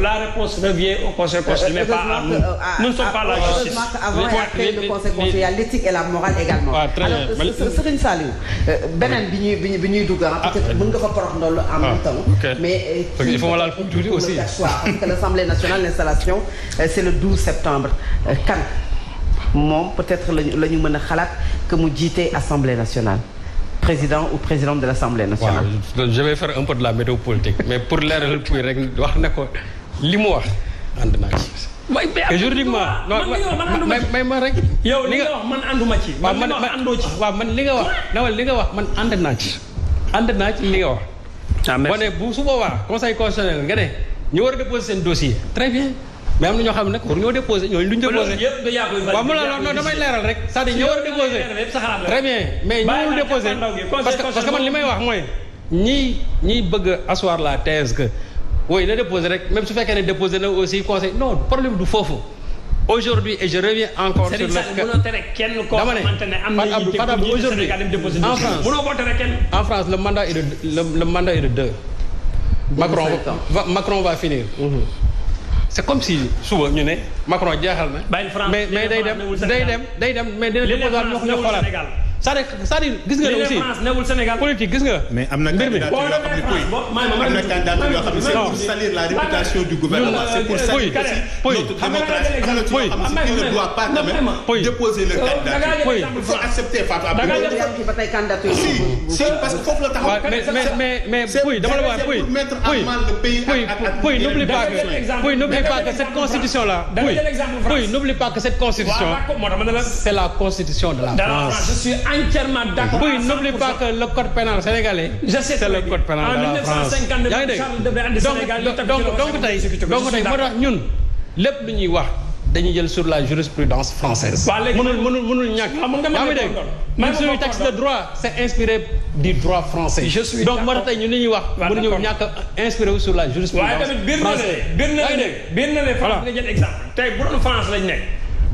la réponse revient au conseil constitutionnel mais euh, et la morale également. waaw ah, très bien euh, Serigne Saliou. Euh, beneen bi ñuy bi ñuy bi ñuy dugg ah, ah. peut-être mën nga fa porox ndoll en même mais il faut le 12 septembre kan moom peut-être lañu la ñu mën a xalaat que mu jiite assemblée nationale. président ou présidente de l'Assemblée nationale. je vais faire un peu de la météo politique mais pour leeral tuuti rek wax na ko. li mu wax ànd naa ci. waaye mais juridiquement man may ma rek. li nga wax man ànduma ci. man li nga wax àndoo ci. man li nga wax nawal li nga wax man ànd naa ci. ànd naa li nga wax. ah merci bu su boobaa conseil constitutionnel war a déposer seen dossier très bien. mais am na ñoo xam ne nag waruñoo déposé ñooñu duñ déposé waaw a déposé très que man li may wax mooy ñii ñiy bëgg asseoir la thèse que wooyu na déposé rek même su fekkee ne déposé na aussi conseil non problème du foofu aujourd'hui et je reviens encore sur le dama ne par exemple aujourd'hui en France en France le mandat est de le, le mandat est de deux Macron va, Macron va finir mm-hmm. c'est comme si suba ñu ne Macron jaaxal na mais mais day dem day dem day dem mais dina déposé wax ñu xoolaat c'est-à-dire c'est-à-dire gis nga ne aussi newul Sénégal politique gis nga. mais am na candidat yoo xam ne Pouy am na candidat yoo xam ne c'est pour salir la réputation du gouvernement c'est pour salir aussi notre démocratie am na ci yoo xam ne il ne doit pas quand même déposer leur euh, candidature il faut accepter Fatou Abdou si si parce que foofu la taxaw mais mais mais Pouy dama la wax Pouy Pouy n'oublie pas que Pouy n'oublie pas que cette constitution là Pouy n'oublie pas que cette constitution c'est la constitution de la France entièrement d'accord. oui n'oublie pas que le code pénal sénégalais. je sais c'est le code pénal de la France yaa ngi dégg donc donc tey donc tey moo tax ñun lépp lu ñuy wax. dañuy jël sur la jurisprudence française mënul mënul mënul ñàkk yaa ngi dégg même suñu texte de droit c'est inspiré du droit français donc moo tax tey ñu li ñuy wax mënuñu ñàkk inspiré wu sur la jurisprudence française biir na leen biir na leen France nga jël exemple tey bu doon France lañ nekk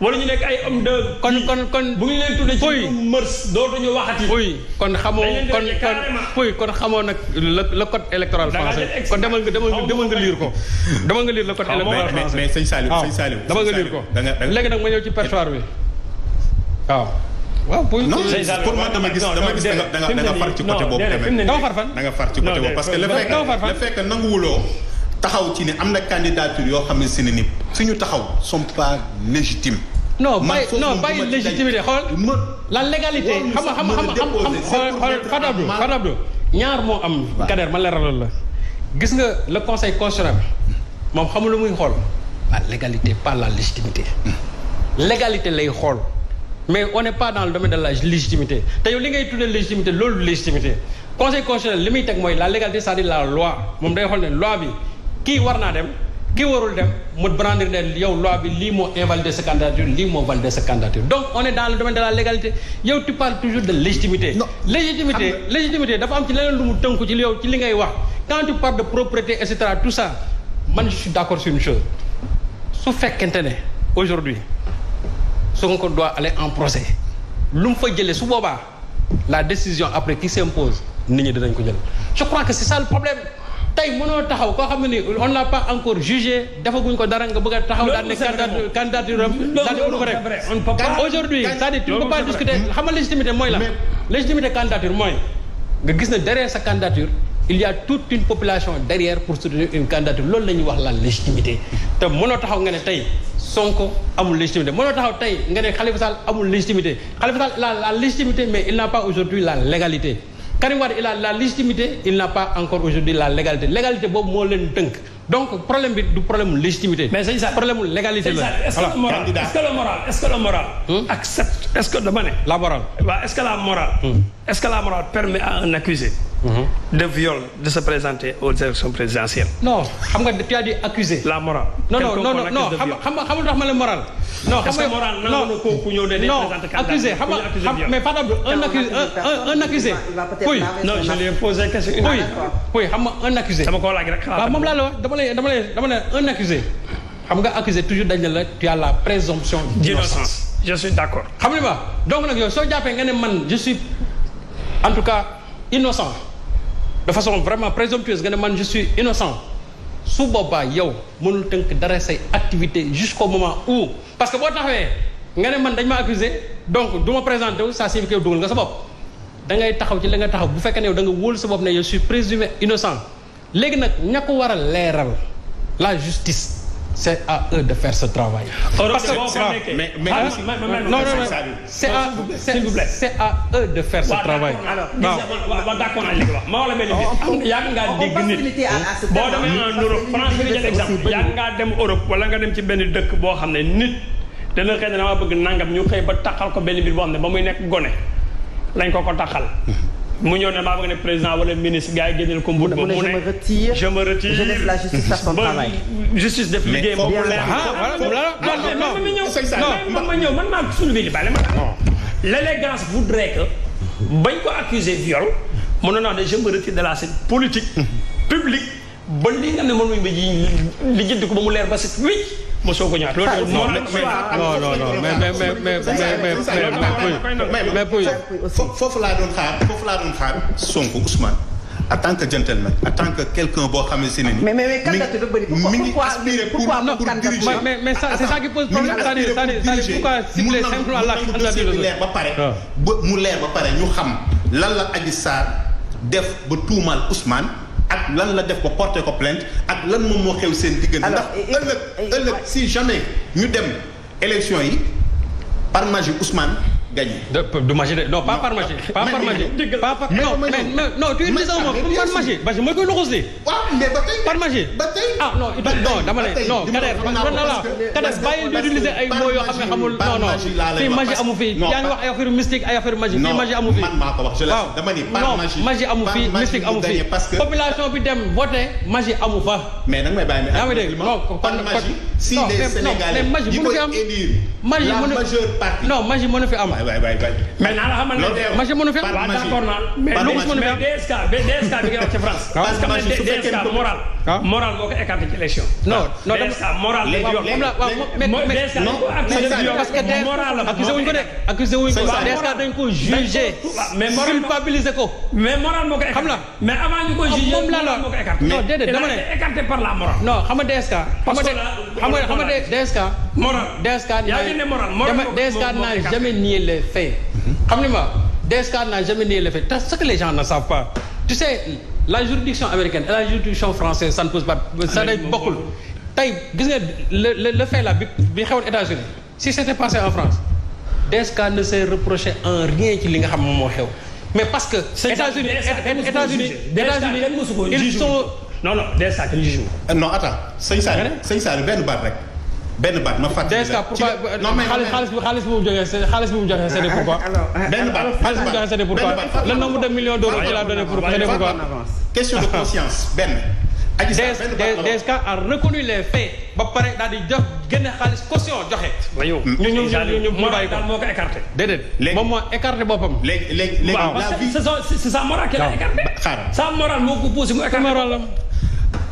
wala ñu nekk ay homme de. kon kon kon bu ñu leen tuddee. puy ci mërs dootuñu waxati. puy kon xamoo kon kon puy kon xamoo nag le le code français kon demal nga demal nga demal nga lire ko. demal nga lire le code électoral français mais mais sëñ Saliou sëñ nga lire ko léegi nag ma ñëw ci perchoir bi waaw. waaw pour pour man dama gis dama gis da nga da nga far ci côté boobu dama far fan da far ci côté boobu parce que le fait nanguwuloo taxaw ci ne am na candidature yoo xam ne si ne ni ñu taxaw sont pas légitimes non bay non bay légitimité xool la légalité xam nga xam nga xam xool Fatou Abdou Fatou Abdou ñaar moo am Kader ma leeralal la gis nga le conseil constitutionnel moom xamul lu muy xool la légalité pas la légitimité légalité lay xool mais on n'est pas dans le domaine de la légitimité te yow li ngay tuddee légitimité loolu légitimité conseil constitutionnel li muy teg mooy la légalité cest à la loi moom day xool ne loi bi kii war naa dem ki warul dem mu brandir ne loi bi lii moo invalider sa candidature lii moo valider sa candidature donc on dans le domaine la légalité yow tu parles toujours de légitimité légitimité légitimité dafa am ci leneen lu mu tënku ci yow ci li ngay wax quand tu parles de propriété et cetera tout man je suis d'accord sur une chose su fekkente ne aujourd'hui Sonko doit aller en procès lu mu fa jëlee su boobaa la décision après qui s'impose nit ñi dinañ ko tey mënoo taxaw koo xam ne nii on l'a pas encore jugé defaguñ ko dara nga bëgg a taxaw daal ne candidature am daal di ko rek kan aujourd'hui cest à a toute une population derrière pour soutenir une candidature loolu la wax la légitimité te mënoo taxaw nga ne tey Sonko amul légitimité mënoo taxaw tey nga ne Khalifa Sall amul légitimité Khalifa Sall la légitimité mais il n'a pas aujourd'hui la légalité Karim Wade il a la légitimité il n'a pas encore aujourd'hui la légalité légalité boobu moo leen tënk donc problème bi du problème légitimité. mais sëñ la. est-ce que le moral est-ce que hmm? ce que la morale. waaw ce que la morale. est-ce que la morale permet à un accusé Mm-hmm. de viol de se présenter aux élections présidentielles. non xam nga tu a dit accusé. la morale. non non non non xam ma la morale. non xam nga non non accusé xam nga mais par exemple un accusé un accusé. oui non je lui ai posé question. oui ah, oui xam nga un accusé. laa la wax dama lay dama lay dama ne un accusé. xam nga accusé toujours dañ ne la tu la présomption d'innocence. je suis d'accord. xam nga li ma donc nag soo jàppee nga ne man je suis en tout cas innocent. de façon vraiment présomptueuse nga ne man je suis innocent su boobaa yow mënul tënk dara say activité jusqu'au moment où parce que boo taxawee nga ne man dañ ma accusé donc du ma présenté wu ça signifie dugal nga sa bopp da ngay taxaw ci li nga taxaw bu fekkee ne yow da nga wóolu sa bopp ne je suis présumé innocent léegi nag ña ko war a leeral la justice c'est à eux de faire ce travail. parce mais mais non non c'est à c'est à eux de faire ce travail. waaw waaw d'accord li nga ma wala mel ni yàgg ngaa dégg nit boo demee en Europe France bi jël exemple yàgg ngaa wala nga dem ci benn dëkk boo xam ne nit dana xëy na dama bëgg nangam ñu xëy ba taxal ko benn mbir boo xam ne ba muy nekk gone lañ ko ko taxal. mu ñëw ne maa bëgg ne président wala ministre gars yi génneel ko mbuut ba mu ne je me retire je laisse la justice faire son travail justice def liggéey moom ah, ah, leer non ma ñëw man ma ñëw man maa soulevé li bale ma l'élégance voudrait que bañ ko accuser viol mënoon naa ne je me retire de la scène politique publique ba li nga ne mënuñ ba ji li jënd ko ba mu leer ba set wicc ma soog a ñaata loolu. non non non mais mais mais mais mais mais mais foofu laa doon xaar foofu laa doon xaar Sonko Ousmane. en tant que gentleman en tant que quelqu'un boo xam ne si ne. mais mais mais candidat dafa bëri pourquoi pourquoi pourquoi moom candidat pour mais mais c'est ça qui pose problème c'est-à-dire c'est-à-dire pourquoi cibler simplement la candidature leer ba pare. ba mu leer ba pare ñu xam lan la Adji Sarr def ba tuumaal Ousmane. ak lan la def ko porté ko plainte ak lan moom moo xew seen diggante ndax ëllëg ëllëg si jamais ñu dem élection yi par magie Ousmane gagné. du de non pas par Maggi. par Maggi pas par non non par Maggi. Maggi de. waaw mais ba tey. par Maggi ba tey. ay mots yoo fi. yaa ngi fi. man bi dem voté Maggi amu fa. mais nag may bàyyi mais. yaa ngi dégg non kon kon waay waay waay. mais naa la xamal ne machine mënu fi. waaw d'accord naa. mais DSK DSK bi nga wax ci France. parce que man ah. DSK moral. moral moo ko écarté ci élection. non non DSK moral lay yor. parce que accusé wuñ ko de. accusé wuñ ko DSK dañ ko jugé. mais moral culpabilisé ko. mais moral moo ko écarté. xam la mais avant ñu koy ah, jugé moral moo ko écarté. non déedéet dama ne écarté par la morale. non xam nga DSK. parce que xam nga DSK. moral Descartes yaa ngi ne moral Descartes n'a jamais nié les faits. xam nga ma Descartes n'a jamais nié les faits c'est ce que les gens ne savent pas tu sais la juridiction américaine et la juridiction française ça ne pose pas ça ne bokkul tey gis nga le fait là bi bi xewoon unis si c'était passé en France Descartes ne s'est reproché en rien ci li nga xam moom moo xew mais parce que. États-Unis États-Unis États-Unis ils sont. non non Descartes kenn juge non benn baat rek. benn baat ma fàttali la ci non mais xaalis xaalis bu mu joxee xaalis bu mu joxee c'est pourquoi. benn baat xaalis bu mu joxee c'est pourquoi le nombre de millions d'euros qu'il a donné pour c'est pourquoi. question de conscience benn. Adji Sarr benn baat la DSK a reconnu les faits ba pare daal di jox génne xaalis caution joxe. waaw yow ñu ñu ñu ñu mu bàyyi ko moo ko écarté. déedéet léegi moom moo écarté boppam. léegi léegi léegi la vie c'est sa morale qu'elle a écarté. xaaral sa morale moo ko posé mu écarté.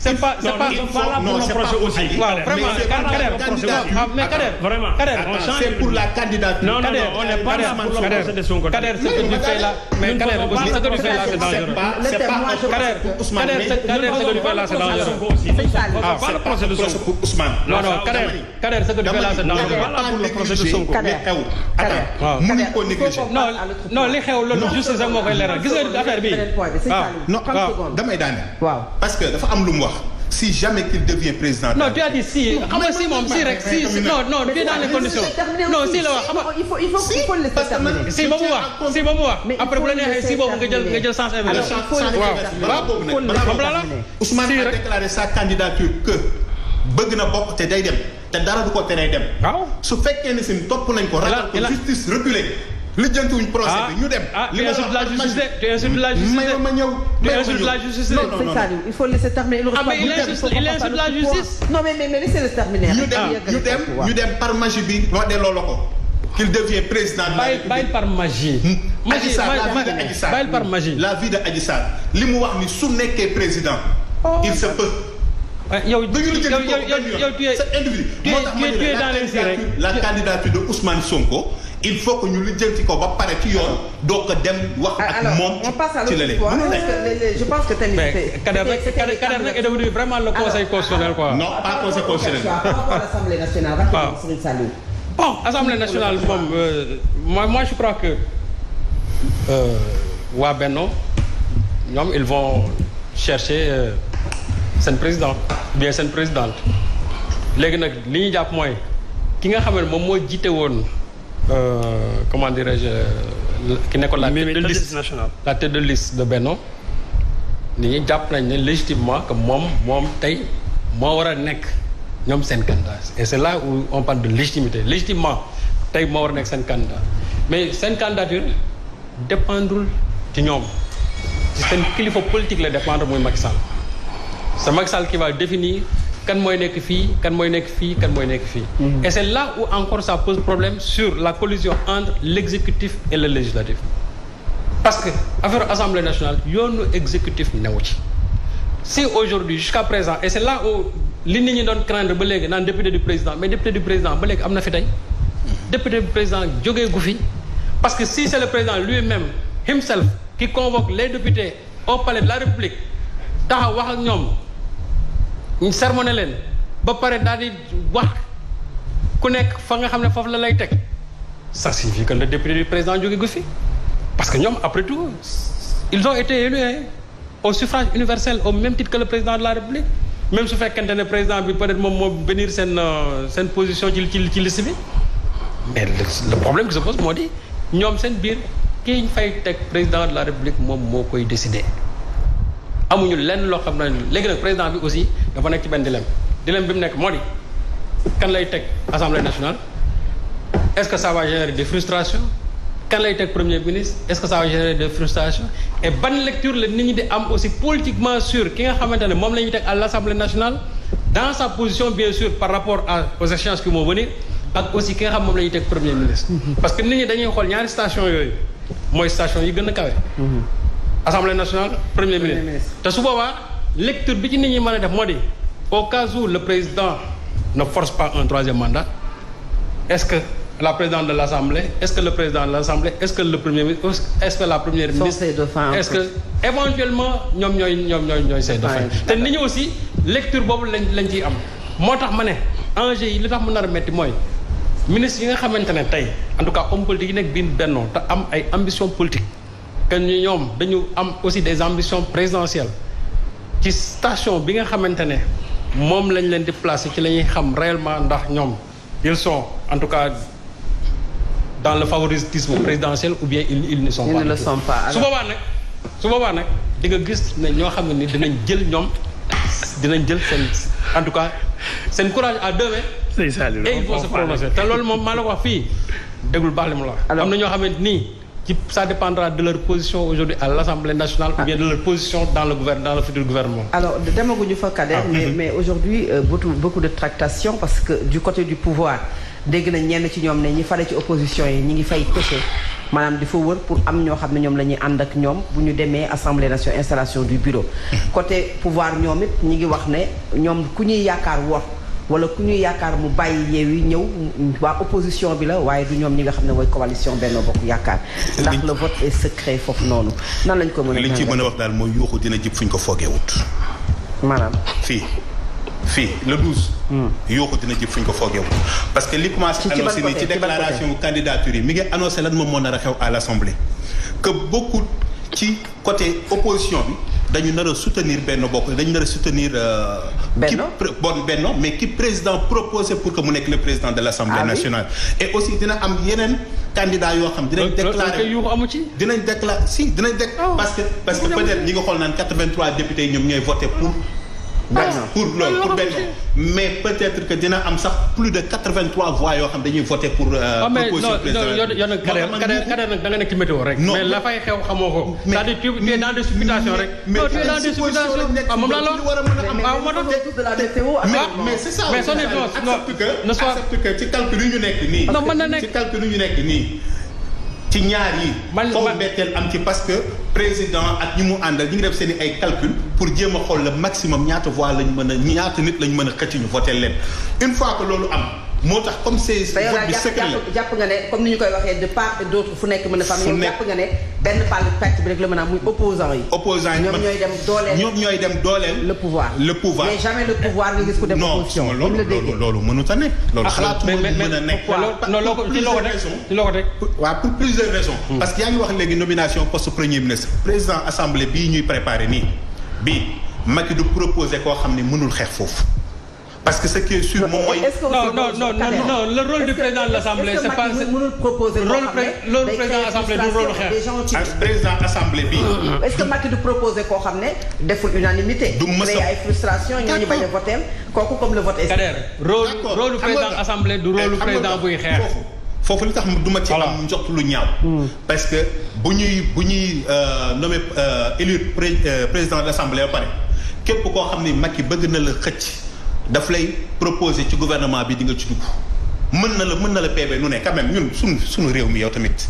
c'est pas c'est pas pas pour le projet aussi waaw vraiment ah, mais Kader vraiment Kader on change c'est pour la candidature non non on n'est pas là pour le projet de Sonko Kader ce que tu fais là mais Kader aussi ce que tu fais là c'est dangereux c'est pas Kader Kader ce que tu fais là c'est dangereux ah pas le projet de Sonko pour Ousmane non non Kader Kader ce que tu fais là c'est dangereux pas pour le projet de Sonko Kader attends mënuñu ko négliger non non li xew loolu justice ak moo koy leeral gis nga affaire bi non damay daane waaw parce que dafa am lu mu wax si jamais qu'il devient président. non tu as dit si xam nga si moom si rek si non non si le terminer. si si boobu wax après bu la neexee si boobu nga jël nga jël sens inverse. alors il faut le la la. Ousmane a déclaré sa candidature que bëgg na bokk te day te dara du ko teree dem. waaw su fekkee ne si topp nañ ko. ragal ko justice reculée. lijjantiwuñ procès bi ah, ñu dem. Ah, li ma la wax ma ma ñëw. tu insultes la justice non non non il faut laisser terminer. il ah, insulte la justice. non mais mais laissez-le terminer. ñu dem ñu dem ñu dem par magie bi. wax delloo la ko. qu'il devient président de la République bàyyil par magie. Hmm. magie bàyyil par hmm. magie la vie de Adji Sarr li mu wax ni su nekkee président. Oh. il se peut. yow yow yow yow yow tu es dans les règles la candidature de Ousmane Sonko. il faut que ñu ci ko ba pare ci yoon doo ko dem wax ah, ak moom ci léeg-léeg je pense que tamit Kader nag est devenu vraiment le conseil constitutionnel quoi. non pas conseil constitutionnel. l'Assemblée nationale ah. bon assemblée nationale moom euh, moi moi je crois que euh, waa Benno ñoom ils vont chercher euh, seen président bien seen présidente léegi nag li ñu jàpp mooy ki nga xam ne moom moo jiite woon. Euh, comment dirais-je ki nekkoon la tête de liste nationale la tête de liste de Benno ni ñi jàpp nañ ne légitimement que moom moom tey moo war a nekk ñoom seen candidat et c'est là où on parle de légitimité légitimement tey moo war a nekk seen candidat mais seen candidature dépendrul ci ñoom ci seen kilifa politique la dépendre muy Macky Sall c'est Macky Sall qui kan mooy nekk fii kan mooy nekk fii kan mooy nekk fii. Mm. et c'est là où encore ça pose problème sur la collision entre l'exécutif et le législatif. parce que affaire assemblée nationale yoonu exécutif newu ci si aujourd'hui jusqu'à présent et c'est là où li nit ñi doon craindre ba léegi naan député du président mais député du président ba léegi am na fi tey mm. député du président jógee gu fi parce que si c'est le président lui-même himself ki convoque les députés au palais de la République wax ak ñoom ñu sermoné leen ba pare daal di wax ku nekk fa nga xam ne foofu la lay teg ça signifie que le député du président jóge gu fi parce que ñoom après tout ils ont été élus hein, au suffrage universel au même titre que le président de la république même su fekkente ne président bi peut-être moom moo bénir seen euh, seen position ci ci ci liste bi mais le problème qui se pose moo di ñoom seen biir kii ñu fay teg président de la république moom moo koy décider. amuñu lenn loo xam ne léegi nag président bi aussi dafa nekk ci benn dilemme dilemme bi mu nekk moo di kan lay teg assemblée nationale est-ce que ça va générer des frustrations kan lay teg premier ministre est-ce que ça va générer des frustrations et ban lecture la nit ñi di am aussi politiquement sur ki nga xamante ne moom la ñuy teg à l'assemblée nationale dans sa position bien sûr par rapport à aux échéances qui venir ak aussi ki nga xam moom la ñuy teg premier ministre mm-hmm. parce que nit ñi dañuy xool ñaari station mooy station yi gën a kawe mm-hmm. assemblée nationale premier ministre te su boobaa lecture bi ci nit ñi mën a def moo de au cas où le président ne force pas un troisième mandat est-ce que la présidente de l'assemblée est-ce que président de l'assemblée est-ce que le premier ministre est-ce que la première ministre est-ce que éventuellement ñoom ñooy ñoom ñooy ñooy say dafa te nit ñi aussi lecture boobu lañ ci am moo tax ma ne enjeu yi li tax mu nar a metti mooy ministre yi nga xamante ne tey en tout cas homme politique yi nekk biir bennoo te am ay ambition politique que ñu ñoom dañu am aussi des ambitions présidentielles ci station bi nga xamante ne moom lañ leen di placer ci la ñuy xam réellement ndax ñoom ils sont en tout cas dans le favoritisme présidentiel ou bien ils ils ne sont pas. ils ne le sont pas su boobaa nag su boobaa nag di nga gis ne ñoo xam ne ni dinañ jël ñoom dinañ jël seen en tout cas seen courage à deux mains. et te loolu moom maa la ko wax fii déggul baax li mu la am na ñoo xamante nii qui ça dépendra de leur position aujourd'hui à l'Assemblée nationale ah. ou bien de leur position dans le gouvernement dans le futur gouvernement alors demaguñu fa Kader ah, mm-hmm. mais aujourd'hui euh, beaucoup de tractations parce que du côté du pouvoir dégg nañ ñenn ci ñoom ne ñi fare ci opposition yi ñi ngi fay péché maanaam di fa wër pour am ñoo xam ne ñoom la ñuy ànd ak ñoom bu ñu demee assemblée nationale installation du bureau mm-hmm. côté pouvoir ñoom it ñi ngi wax ne ñoom ku ñuy yaakaar woon wala ku ñu yaakaar mu bàyyi yeew yi ñëw waa opposition bi la waaye bi ñoom ñi nga xam ne mooy coalition Benno Bokk Yaakaar ndax le vote est secret foofu noonu nan lañ ko mën a li ñu ci a wax daal mooy yuuxu dina jib fu ñu ko foogeewut maanaam fii fii le 12. Hmm. yooku dina jëf fu ñu ko foogee parce que li commencé annoncé nii ci déclaration candidature yi mi ngi annoncé lan moom moo nar a xew à l' assemblée. que ci côté opposition bi. dañu nar a soutenir Benno Bokk dañu nar a soutenir. Euh, Benno ki bon Benno mais ki président proposé pour que mu nekk le président de l' assemblée ah nationale. et aussi dina am yeneen candidat yoo xam. dinañ euh, euh, déclaré ci. dinañ déclaré si dinañ dé. Oh. parce que parce que peut-être ñi nga xool naan 83 ñoom ñooy voté pour. benn ah. pour loolu pour mais peut-être que dina am sax plus de 83 voix yoo xam dañuy voter pour. Euh, ah, proposition présidentielle non non Kader nag da nga nekk ci rek. mais la fay xew xamoo ko. mais c'est-à-dire tu es dans des nekk ah, mais mais son influence non accepte que accepte nekk nii. non mën na nekk ci ñaar yi. man foofu mbetteel am ci parce que président ak ñi mu àndal ñu ngi def seen i ay calcul pour jéem a xool le maximum ñaata voix lañ mën a ñaata nit lañ mën a xëcc ñu voté leen une fois que loolu am. moo tax comme c'est vote bi jàpp nga ne comme ni ñu koy waxee de part d'autre fu nekk mën a fam ñoom jàpp nga ne benn pàcc bi rek la mën a am muy opposant yi opposant ñoom ñooy dem dooleel ñoom ñooy dem dooleel le pouvoir le pouvoir mais loolu loolu a nekk loolu ah, xalaatu mën a nekk ci loo ko teg pour plusieurs raisons hmm. parce que yaa ngi wax léegi nomination poste premier ministre président assemblée bi ñuy préparé nii bii Macky du proposé koo xam ne mënul xeex foofu parce que ce qui est sûr moom mooy. non non non non le rôle du président de l' assemblée pas rôle président assemblée du est que Macky du proposé koo xam ne deful unanimité. du mës a ay frustration ñooñu bañ a du président buy xeex. foofu li tax du ma ci am njot lu ñaaw. Hmm. parce que bu ñuy bu ñuy euh, nommé euh, élu euh, président de l' assemblée ba pare képp koo xam ne Macky bëgg na la xëcc. daf lay proposer ci gouvernement bi di nga ci dugg mën na la mën na la PB nu ne quand même ñun suñu suñu réew mi yow tamit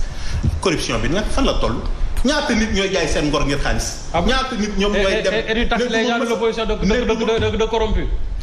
corruption bi nag fan la toll. ñaata nit ñooy jaay seen ngor ngir xaalis. Ah ñaata nit ñoom ñooy eh, eh, dem. et eh, et du tax les gens de l'opposition de de de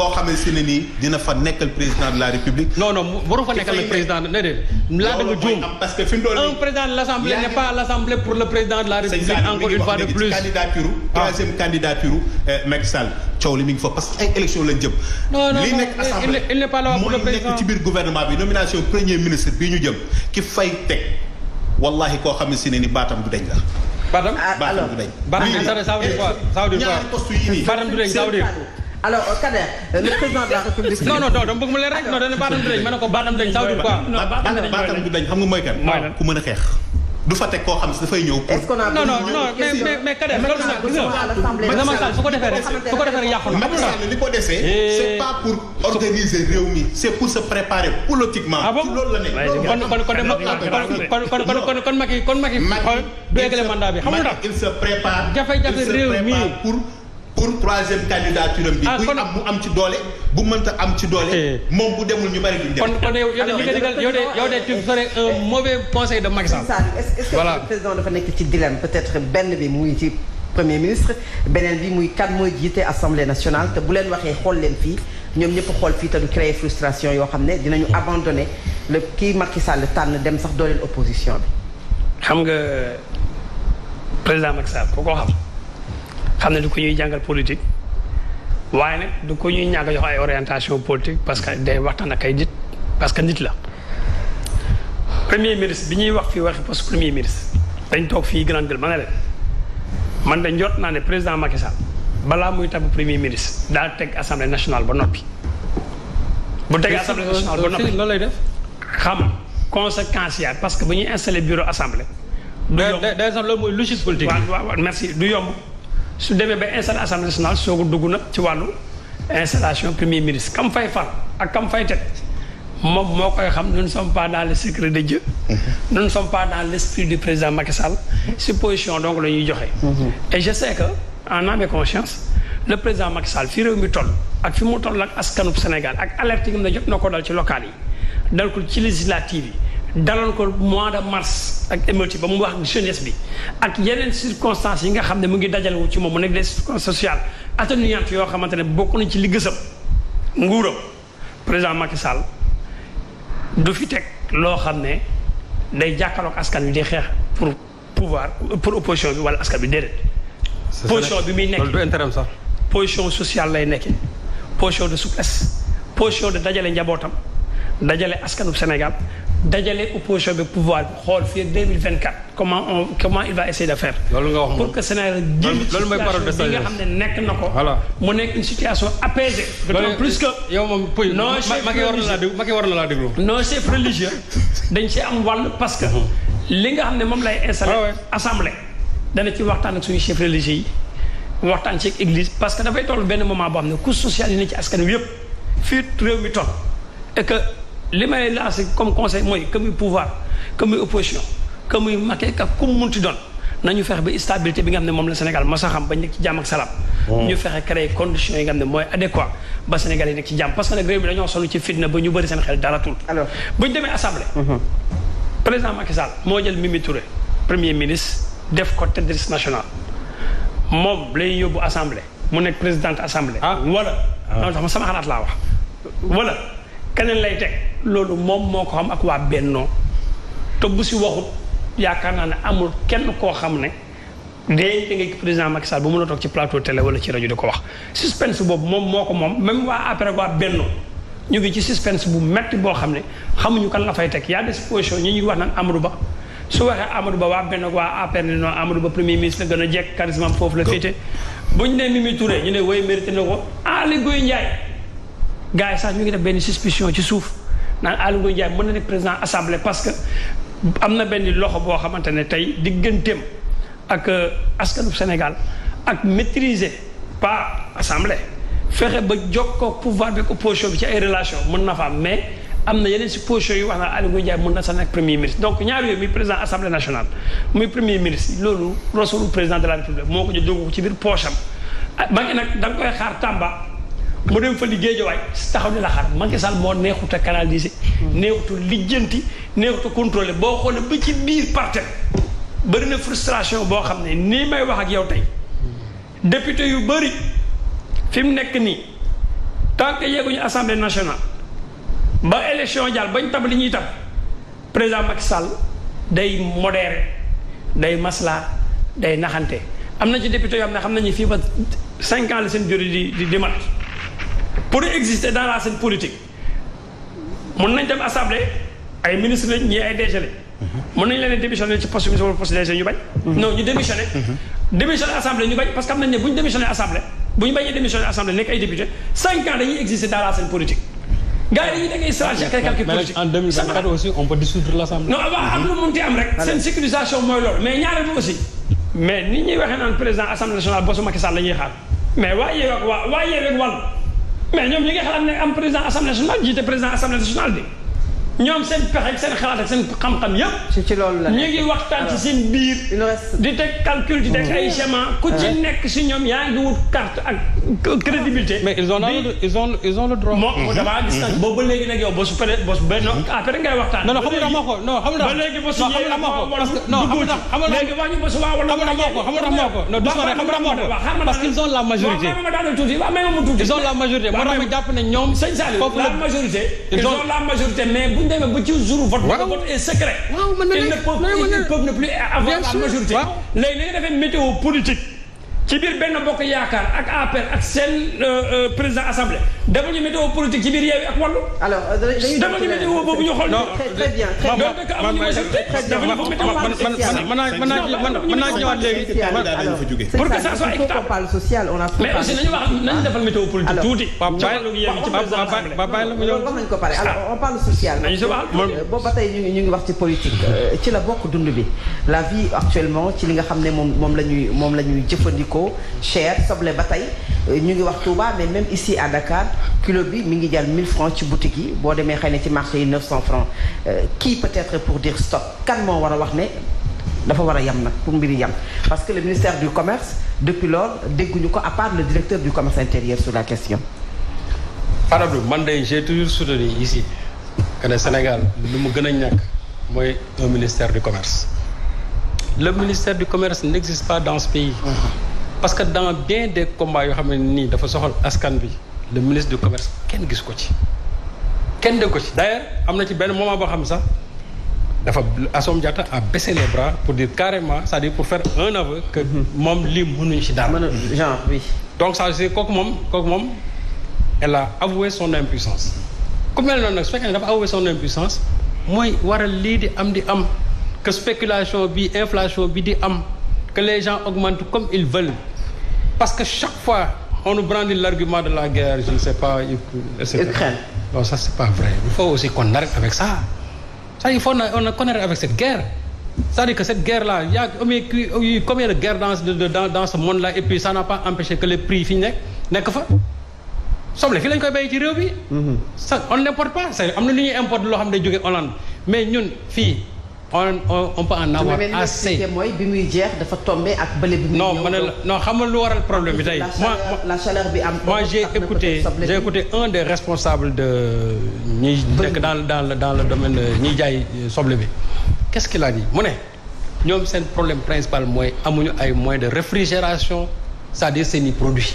koo xamee si ne nii dina fa nekkal président de la république. non non waru fa nekkal le président déedéet. laa da nga juum parce que fi mu un président de l' assemblée n' est pas l' assemblée pour le président de la république. encore une fois de plus candidature. Ah. troisième candidature eh, Macky Sall coow li mi ngi fa parce que ay élection lañ jëm. non non lii nekk assemblée il n' est pas là pour le président mooy nekk ci biir gouvernement bi nomination premier ministre bii ñu jëm ki fay teg wallahi koo xamee si ne ni baatam du deñ la. baatam baatam du deñ. baatam du deñ ça veut dire quoi ça veut dire eh, quoi baatam du deñ ça veut dire alors Kader le président de la République. non non dama bëgg mu leer rek non dañu baatam dëñ ma ne ko baatam dëñ ça xam nga mooy kan. ku mën a xeex. du fa teg koo xam si dafay ñëw. pour organiser réew mi. c'est pour se la ne. kon kon kon kon kon kon kon Macky du eggale mandat bi xam nga jafe-jafe réew mi pour troisième candidature bi. ah kon buy am ci doole bu mënta am ci doole. Eh. moom bu demul ñu bari duñ kon kon yow yow de yow de de tu ferais un mauvais nekk ci dilemme peut-être benn bi muy ci. premier ministre beneen bi muy kan mooy jiite assemblée nationale te bu leen waxee xool leen fii ñoom ñëpp xool fii te du créer frustration yoo xam ne dinañu abandonné le kii Macky Sall tànn dem sax dooleel opposition bi. xam nga président Macky Sall ku ko xam. xam ne du ko ñuy jàngal politique waaye nag du ko ñuy ñàkk jox ay orientation politique parce que day waxtaan ak ay nit parce que nit la. premier ministre bi ñuy wax fii waxi poste premier ministre dañ toog fii Grande Gueule ma ne leen man de njort naa ne président Macky balaa muy tabb premier ministre daa teg assemblée nationale ba noppi. bu teg assemblée nationale ba euh, noppi loolu lay def. xam conséquences ya parce que bu ñuy installé bureau assemblée. du yomb loolu mooy su demee ba installé assemblée nationale soo a dugg na ci wàllu installation premier ministre kam fay fal ak kam fay teg moom moo koy xam nous ne sommes pas dans le secret de Dieu. Mhm. nous ne sommes pas dans l' esprit du président Macky supposition donc la ñuy joxe. Mhm. et je sais que en âme et conscience le président Macky Sall fi réew mi toll ak fi mu toll ak askanub Sénégal ak alerte yi nga jot na ko dal ci local yi dal ko ci législative yi. daloon ko mois de mars ak émeute ba mu wax jeunesse bi ak yeneen circonstances yi nga xam ne mu ngi dajalewu ci moom mu nekk des circonstances sociales atténuantes yoo xamante ne bokk nañ ci li gësam nguuram président Macky Sall du fi teg loo xam ne day jàkkaarloog askan bi di xeex pour pouvoir pour opposition bi wala askan bi déedéet. position bi muy nekk loolu du intérêt position sociale lay nekkee position de souplesse position de dajale njabootam dajale askanu Sénégal dajale opposition bi pouvoir bi xool fii ak 2024 comment on comment il va essayer de faire. loolu nga wax pour que Sénégal génn situation bi nga xam ne nekk na ko. voilà mu nekk une situation apaisée. d'autant plus que. yow moom Pouy non chef religieux ma ki war na laa déglu non chef religieux dañ ci am wàll parce que. Mhm. li nga xam ne moom lay installé. Ah assemblée dana ci waxtaan ak suñu chef religieux yi. waxtaan ci église parce que dafay toll benn moment boo xam ne couche sociale yi ne ci askan wi yëpp fii réew mi toll et que. li may lancé comme conseil mooy que muy pouvoir que muy opposition que muy Macky ka ku mu munti doon nañu fexe ba stabilité bi nga xam ne moom la Sénégal masa xam ba nekk ci jàmm ak salaam. ñu fexe créer conditions yi nga xam ne mooy adéquat ba Sénégal yi nekk ci jàmm parce que nag réew mi dañoo sonn ci fitna mm-hmm. moo jël Mimi Touré premier ministre def ko tête de liste nationale moom lay yóbbu assemblée mu nekk présidente assemblée. ah wala. Ah. non sama xalaat laa wax. wala keneen lay teg. loolu moom moo ko xam ak waa bennoo te bu si waxut yaakaar naa ne amul kenn koo xam ne dégg nga président Macky Sall bu a toog ci plateau télé wala ci rajo di ko wax suspense boobu moom moo ko moom même waa après waa bennoo ñu ngi ci suspense bu metti boo xam ne xamuñu kan la fay teg y a des positions ñu ngi wax naan Amadou Ba su waxee Amadou Ba waa benn waa APR ne non Amadou Ba premier ministre gën a jekk charisme foofu la féete bu ñu nee Mimi Touré ñu ne woy mérité na ko Aly Ngouille Ndiaye gars yi sax ñu ngi def benn suspicion ci suuf naan Aly Ngouille Ndiaye mën na nekk président assemblée parce que am na benn loxo boo xamante ne tey digganteem ak euh, askanu Sénégal ak maîtriser pas assemblée fexe ba jokkoo pouvoir bi ak opposition bi ci ay relation mun na fa am mais am na yeneen si position yu wax naa Aly Ngouille Ndiaye mun na sa nekk premier ministre donc ñaar yooyu muy président assemblée nationale muy premier ministre loolu rosalu président de la république moo ko jël dugg ci biir poche am ah, ma mu dem fa liggéey jawaay taxaw di la xar Macky Sall moo neexut a canaliser. neexut a lijjanti neexut a contrôler boo xoolee ba ci biir parti bëri na frustration boo xam ne ni may wax ak yow tey député yu bëri fi mu nekk nii tant que yegguñu assemblée nationale ba élection jàll bañ tab li ñuy tab président Macky Sall day modéré day masla day naxante am na ci député yoo xam ne xam nañu fii ba cinq ans la seen durée di di mat. pour exister dans la scène politique mën nañ dem assemblée ay ministre lañ ñii ay DG lañ mën nañ leen démissionné ci poste ministre wala poste ñu bañ non ñu démissionné démissionné assemblée ñu bañ parce que am nañ ne bu ñu démissionné assemblée bu ñu bañee démissionné nekk ay député cinq ans dañuy exister dans la scène politique gars yi dañuy da ngay stratégie ak ay calcul politique en 2024 aussi on peut dissoudre l'assemblée non waaw am lu am rek seen sécurisation mais ñoom ñi nga xalaat ne am président assemblée nationale jiite président assemblée nationale bi ñoom seen pexe ak seen xalaat ak seen xam-xam yëpp. ci ci loolu la ñu ngi waxtaan ci seen biir. di teg calcul di teg hmm. ay schéma ku ci nekk si ñoom yaa ngi wut carte ak crédibilité. mais ils ont ils ont ils ont le droit. moo damaa gis nag hmm. boobu ba léegi nag yow ba su paree ba su benn hmm. après ngay waxtaan. non non xam nga ma ko non xam nga ba léegi ba su ñëwee ma ko parce que non xam nga xam nga léegi wax ñu ba su waa wala xam nga ma ko xam nga ma ko non doucement rek xam nga ma ko parce qu'ils ont la majorité ils ont la majorité moo tax ma jàpp ne ñoom sëñ Saliou la majorité ils ont la majorité mais demee ba ci jour vote. waaw vote est secret. waaw mën na ne ils ne peuvent ne plus avoir la majorité. waaw léegi li politique. ci biir benn bokk yaakaar ak APR e ak seen euh, euh, président assemblée. demal ñu météo politique ci biir Yewwi ak Wallu. alors euh, demal ñu météo boobu ñu xool. très bien très bien man mën naa ñëwaat léegi. pour que ça soit équitable. mais aussi nañu wax nañu defal météo politique tuuti. waaw wax nañu ko pare alors on parle social. nañu si wax euh, boobu ba tey ñu ngi wax ci politique. Euh, ci la bokk dund bi la vie actuellement ci li nga xam ne moom moom la ñuy moom la ñuy jëfandikoo cher soble ba tey ñu ngi wax Touba mais même ici à Dakar kilo bi mu ngi jàll 1000 francs ci boutique yi boo demee xëy na ci marché yi 900 francs euh, kii peut-être pour dire stop kan moo war a wax ne dafa war a yam nag pour mbiri yam parce que le ministère du commerce depuis lors dégguñu ko à part le directeur du commerce intérieur sur la question. Arabie man de j'ai toujours soutenu ici que Sénégal lu mu gën a ñàkk mooy ministère du commerce. le ministère du commerce n'existe pas dans ce pays. Uh-huh. parce que dans bien des combats yoo xam ne nii dafa soxal askan bi. le ministre du commerce kenn gis ko ci kenn dégg ko ci d'ailleurs am na ci benn moment boo xam sax dafa Assome Diatta a baissé les bras pour dire carrément cest dire pour faire un aveu que mhm. moom lii mënuñ ci dara genre oui donc ça c'est kooku moom kook moom elle a avoué son impuissance ku mel noonu nag su fekkee dafa avoué son impuissance mooy waral lii di am di am que spéculation bi inflation bi di am que les gens augmentent comme ils veulent parce que chaque fois on nous brandit l'argument de la guerre je ne sais pas Ukraine bon ça c'est pas vrai il faut aussi qu'on avec ça ça il faut on qu'on arrête avec cette guerre cest dire que cette guerre là il y a eu combien de dans ce monde là et puis ça n'a pas empêché que les prix fi ñu nekk nekk fa soble fii lañ koy béy ci réew bi mhm. ça on n'importe pas c'est am na lu ñuy importe loo xam ne day jóge Hollande mais ñun fii on on on peut en avoir assez mooy bi muy jeex dafa tombé ak bële bi muy non ma ne xam nga lu waral problème bi tey. moi la chaleur am. moi j'ai écouté j'ai écouté un des responsables de ñiy nekk dans dans le dans le domaine ñiy jaay soble bi. qu'est-ce qu'il a mu ne ñoom seen problème principal mooy amuñu ay moyens de réfrigération cest à seen seeni produits.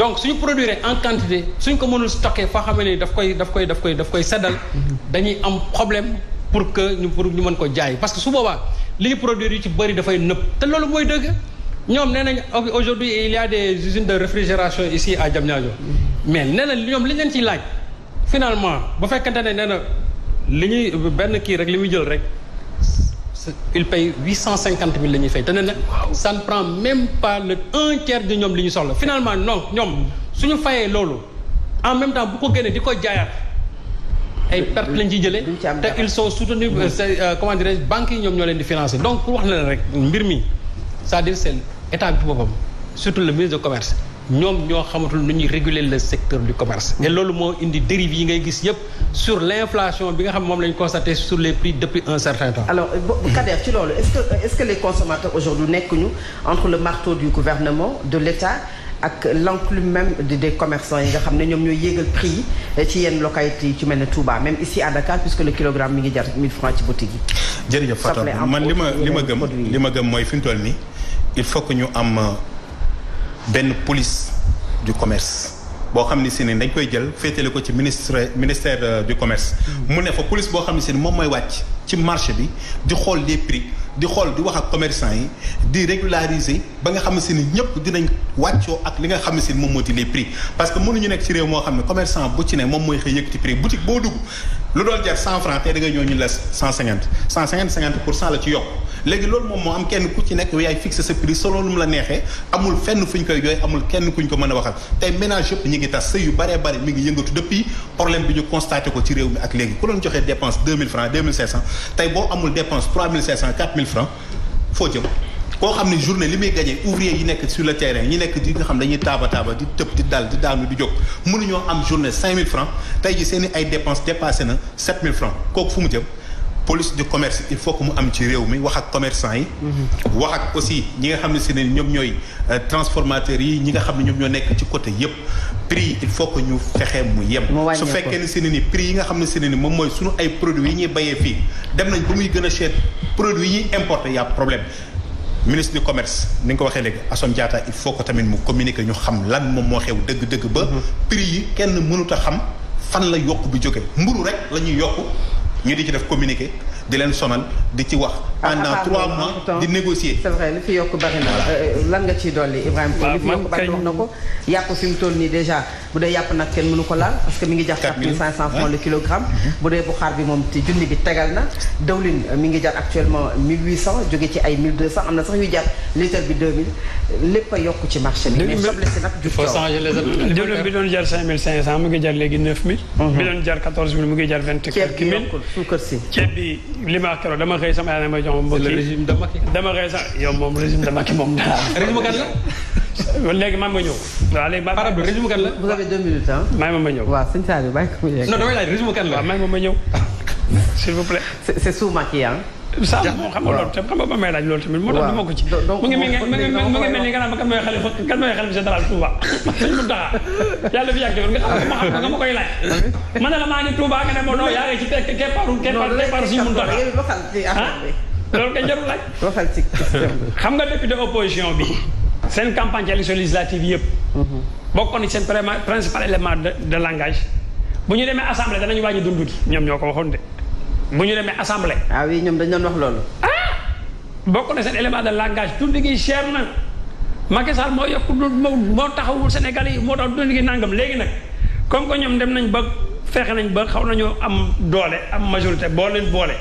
donc suñu produire en quantité suñ ko mënul stocké foo xam ne daf koy daf koy daf koy daf koy seddal mhm. dañuy am problème. pour que ñu pour ñu mën ko jaay parce que su boobaa li ñu produire yu ci bëri dafay nëb te loolu mooy dëgg ñoom nee nañ aujourd'hui il y des usines de réfrigération ici à Diamniadio mais nee na ñoom li ñu leen ciy laaj finalement bu fekkente ne nee na li ñuy benn kii rek li muy jël rek il paye huit cent cinquante mille la ñuy fay te nee na ça ne prend même pas le un tiers de ñoom li ñu soxla finalement non ñoom suñu fayee loolu en même temps bu ko génnee di ko jaayaat ay pertes lañ ciy jëlee te ils sont soutenus euh, euh, comment dirais-je yi ñoom ñoo leen di financer donc pour wax la rek mbir mi c'est-à-dire c'est état bi ci boppam surtout le ministre de commerce ñoom ñoo xamatul nu ñuy réguler le secteur du commerce et loolu moo indi dérive yi ngay gis yëpp sur l'inflation bi nga xam moom la ñu constaté sur les prix depuis un certain temps alors euh, Kader ci loolu est-ce que est-ce que les consommateurs aujourd'hui nekkuñu entre le marteau ak l'enclume même des commerçants yi nga xam ne ñoom ñooy yéegal prix yi ci yenn localités yi ci mel ne Touba même ici à Dakar puisque le kilogramme mi ngi jar 1000 francs ci boutique yi. jërëjëf Fatou man li ma li ma gëm li ma gëm mooy fi mu toll nii il faut ñu am euh, benn police du commerce. boo xam ne si ne dañ koy jël féetale ko ci ministre ministère euh, du commerce. Mm. mu ne fa police boo xam ne si ne moom mooy wàcc ci marché bi di xool les prix. di xool di wax ak commercant yi di régulariser ba nga xam si ni ñëpp dinañ wàccoo ak li nga xam si ni moom moo di les prix parce que mënuñu nekk ci réew moo xam ne commerçant bu ci ne moom mooy xëy yëkkati prix boutique boo dugg lu doon jar cent franc tey da ñëw ñu les cent cinquante cent cinquante cinquante pour cent la ci yokk. léegi loolu moom moo am kenn ku ci nekk yaay fixé sa prix selon lu mu la neexee amul fenn fu ñu koy jooy amul kenn kuñ ko mën a waxal tey ménage yëpp ñu ngi tas sëy yu baree bari mi ngi yëngatu depuis problème bi ñu constaté ko ci réew mi ak léegi ku doon joxee dépense 2000 francs 2500 tey boo amul dépense 3500 4000 francs foo jëm koo xam ne journée li muy gagné ouvrier yi nekk sur le terrain ñi nekk di nga xam dañuy taaba taaba di tëb di dal di daanu di jóg mënuñoo am journée tey ji seen i dépense dépassé na 7000 francs kooku mu jëm police du commerce il faut que mu am ci réew mi wax ak commerçant yi. Mhm. wax ak aussi ñi nga xam ne si ne ñoom ñooy euh, transformateurs yi ñi nga xam ne ñoom ñoo nekk ci côté yëpp prix il faut que ñu fexe mu yem. su fekkee ne si ne ni prix yi nga xam ne si ne ni moom mooy suñu ay produits yi ñuy bayee fii dem nañ ba muy gën a cher produits yi importé y' a problème. ministre du commerce ni nga ko waxee léegi Assome Diatta il faut que tamit mu communiquer ñu xam lan moom moo xew dëgg-dëgg ba mhm. yi kenn mënut a xam fan la yokk bi jóge mburu rek la ñuy yokk ñu di ci def communiqué di leen sonal di ci wax. Ah, pendant ah, ah, trois mois di négocier. c'est vrai li fi yokk bari na euh, euh, lan nga ciy dolli Ibrahima. waaw li fi yokk bari ko. yàpp fi mu toll nii déjà bu dee yàpp nag kenn mënu ko laal parce que mi ngi jar. 4500 francs le kilogramme. bu dee bu xaar bi moom euh, am na sax yu jar litre bi 2000 lépp a yokk ci marché bi. soble si nag du coow. dawlin bi doon jar 5500 mu ngi jar léegi 9000. Mhm. bi doon jar 14000 mu ngi jar 24 000 ceeb bi yokkul suukar si li ma wax keroog dama xëy sama yaay may jox moom. mbokk yi dama xëy sax yow moom régime de Macky moom dara. régime kan la. léegi maa ngi ma ñëw. waaw léegi maa pardon régime kan la. vous avez deux minutes ah. maa ngi ma ma ñëw. waaw sëñ Sadio bàyyi ko mu yegg. non damay laaj régime kan la. waaw maa ngi ma ma ñëw s'il vous plaît. c'est sous Macky ah. sa moo xam nga loolu tamit moo tax ma ko ci mu ngi mel mu ngi mel ni nga naan ma kan mooy xalifa nga ma koy laaj ma ne la maa ngi nga ne ma non yaa ci keppaaru keppaaru keppaaru suñu mun taxaa loolu kay jarul laaj xam nga député opposition bi seen campagne ci élection législative yëpp bokkoon ni seen principal élément de langage bu ñu demee assemblée danañu wàññi dund gi ñoom ñoo ko waxoon de bu ñu demee assemblée. ah oui ñoom dañ doon wax loolu. ah bokk na seen élément de langage dund gi cher na Macky Sall moo yokk moo taxawul Sénégal yi moo tax dund gi nangam léegi nag comme que ñoom dem nañ ba fexe nañ ba xaw nañoo am doole am majorité boo leen boole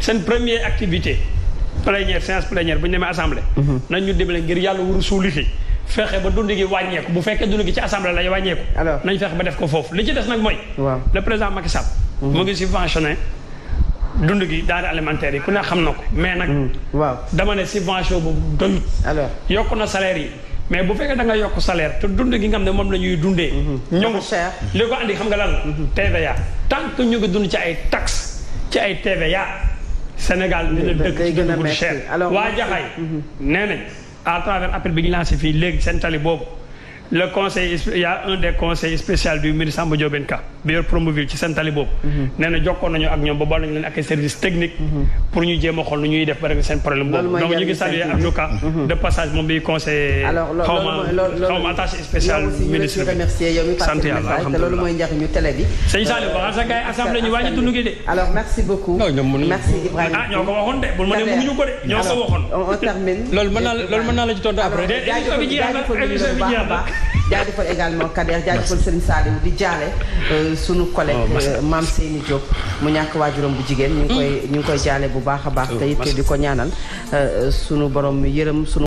seen première activité plénière séance plénière bu ñu demee assemblée. Mhm. nañ ñu dimbale ngir yàlla wuru suuli fi fexe ba dund gi wàññeeku bu fekkee dund gi ci assemblée lay wàññeeku. alors nañ fexe ba def ko foofu li ci des nag mooy. waaw le président Macky Sall. Mhm. mu ngi subventionné. dund gi daara alimentaire yi ku ne xam na ko mais nag. Mm, waaw dama ne subvention bu doyut. alors yokk na salaire yi. mais bu fekkee da nga yokk salaire te dund gi nga xam ne moom la ñuy dundee. ñoom mm-hmm. li ko andi xam nga lan la. Mm-hmm. TVA tant que ñu ngi dund ci ay taxes ci ay TVA Sénégal dina dëkk ci dund bu cher. waa Jaxaay mm-hmm. nee nañ à travers appel bi ñu lancé fii léegi seen tali boobu le conseil il y un des conseils spécial du ministre Samba Ndiobène Ka d'ailleurs Promoville ci seen tali boobu. Mhm. nee jokkoon nañu ak ñoom ba boole nañ ak ay services mhm. pour ñu jéem a nu ñuy def ba régler seen problème boobu. donc ñu ngi saluer Abdou Ka mhm. de passage moom loolu mooy njariñu télé bi. sëñ Saliou bi jaale euh, sunu collègue oh, euh, maam Seyni jóg mu ñàkk waajuram bu jigéen ñu ngi koy ñu ngi koy jaale bu baax a baax te oh, it di ko ñaanal euh, sunu borom yërëm sunu